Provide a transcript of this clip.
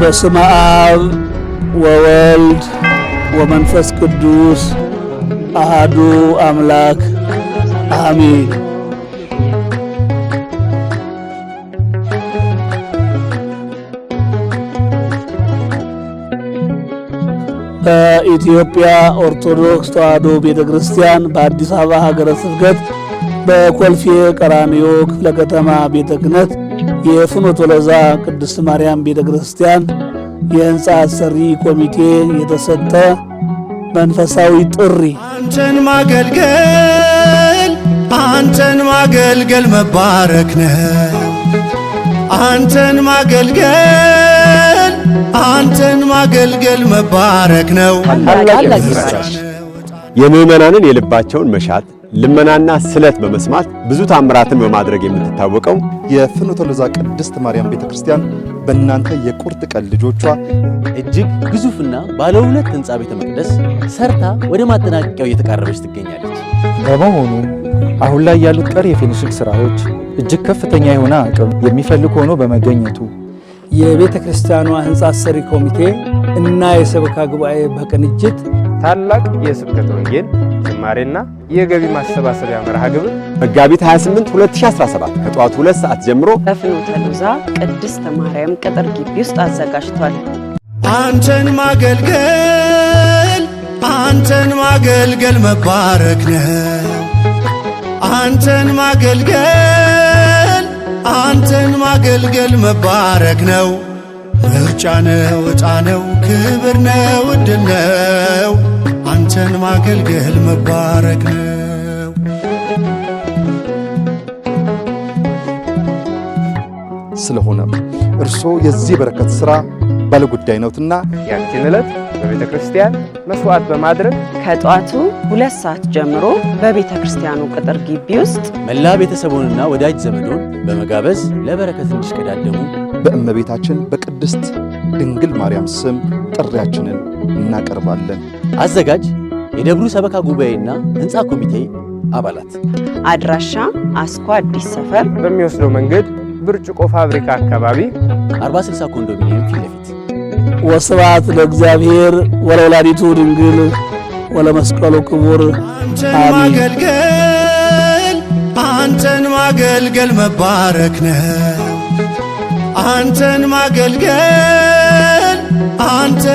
በስመ አብ ወወልድ ወመንፈስ ቅዱስ አሃዱ አምላክ አሜን። በኢትዮጵያ ኦርቶዶክስ ተዋሕዶ ቤተ ክርስቲያን በአዲስ አበባ ሀገረ ስብከት በኮልፌ ቀራኒዮ ክፍለ ከተማ ቤተ ክህነት የፍኖተ ሎዛ ቅድስት ማርያም ቤተ ክርስቲያን የሕንፃ አሰሪ ኮሚቴ የተሰጠ መንፈሳዊ ጥሪ አንተን ማገልገል አንተን ማገልገል መባረክ ነው። አንተን ማገልገል አንተን ማገልገል መባረክ ነው። የምዕመናንን የልባቸውን መሻት ልመናና ስለት በመስማት ብዙ ታምራትን በማድረግ የምትታወቀው የፍኖተ ሎዛ ቅድስት ማርያም ቤተክርስቲያን በእናንተ የቁርጥ ቀን ልጆቿ እጅግ ግዙፍና ባለ ሁለት ህንፃ ቤተ መቅደስ ሰርታ ወደ ማጠናቀቂያው እየተቃረበች ትገኛለች። በመሆኑ አሁን ላይ ያሉት ቀሪ የፊኒሽንግ ስራዎች እጅግ ከፍተኛ የሆነ አቅም የሚፈልግ ሆኖ በመገኘቱ የቤተ ክርስቲያኗ ህንፃ ሰሪ ኮሚቴ እና የሰበካ ጉባኤ በቅንጅት ታላቅ የስብከት ወንጌል ጅማሬና የገቢ ማሰባሰቢያ መርሃ ግብር መጋቢት 28 2017 ከጠዋቱ 2 ሰዓት ጀምሮ በፍኖተ ሎዛ ቅድስተ ማርያም ቅጥር ግቢ ውስጥ አዘጋጅቷል። አንተን ማገልገል አንተን ማገልገል መባረክ ነው። አንተን ማገልገል አንተን ማገልገል መባረክ ነው። ምርጫ ነው፣ ዕጣ ነው፣ ክብር ነው፣ ዕድል ነው። አንተን ማገልገል መባረክ ነው። ስለሆነም እርስዎ የዚህ በረከት ሥራ ባለጉዳይ ነውትና ያችን ዕለት በቤተ ክርስቲያን መስዋዕት በማድረግ ከጧቱ ሁለት ሰዓት ጀምሮ በቤተ ክርስቲያኑ ቅጥር ግቢ ውስጥ መላ ቤተሰቡንና ወዳጅ ዘመዶን በመጋበዝ ለበረከት እንዲሽቀዳደሙ በእመቤታችን በቅድስት ድንግል ማርያም ስም ጥሪያችንን እናቀርባለን። አዘጋጅ የደብሩ ሰበካ ጉባኤና ሕንፃ ኮሚቴ አባላት። አድራሻ አስኳ አዲስ ሰፈር በሚወስደው መንገድ ብርጭቆ ፋብሪካ አካባቢ 460 ኮንዶሚኒየም ፊት ለፊት። ወስብሐት ለእግዚአብሔር ወለወላዲቱ ድንግል ወለመስቀሉ ክቡር። አንተን ማገልገል አንተን ማገልገል መባረክ ነው። አንተን ማገልገል አንተ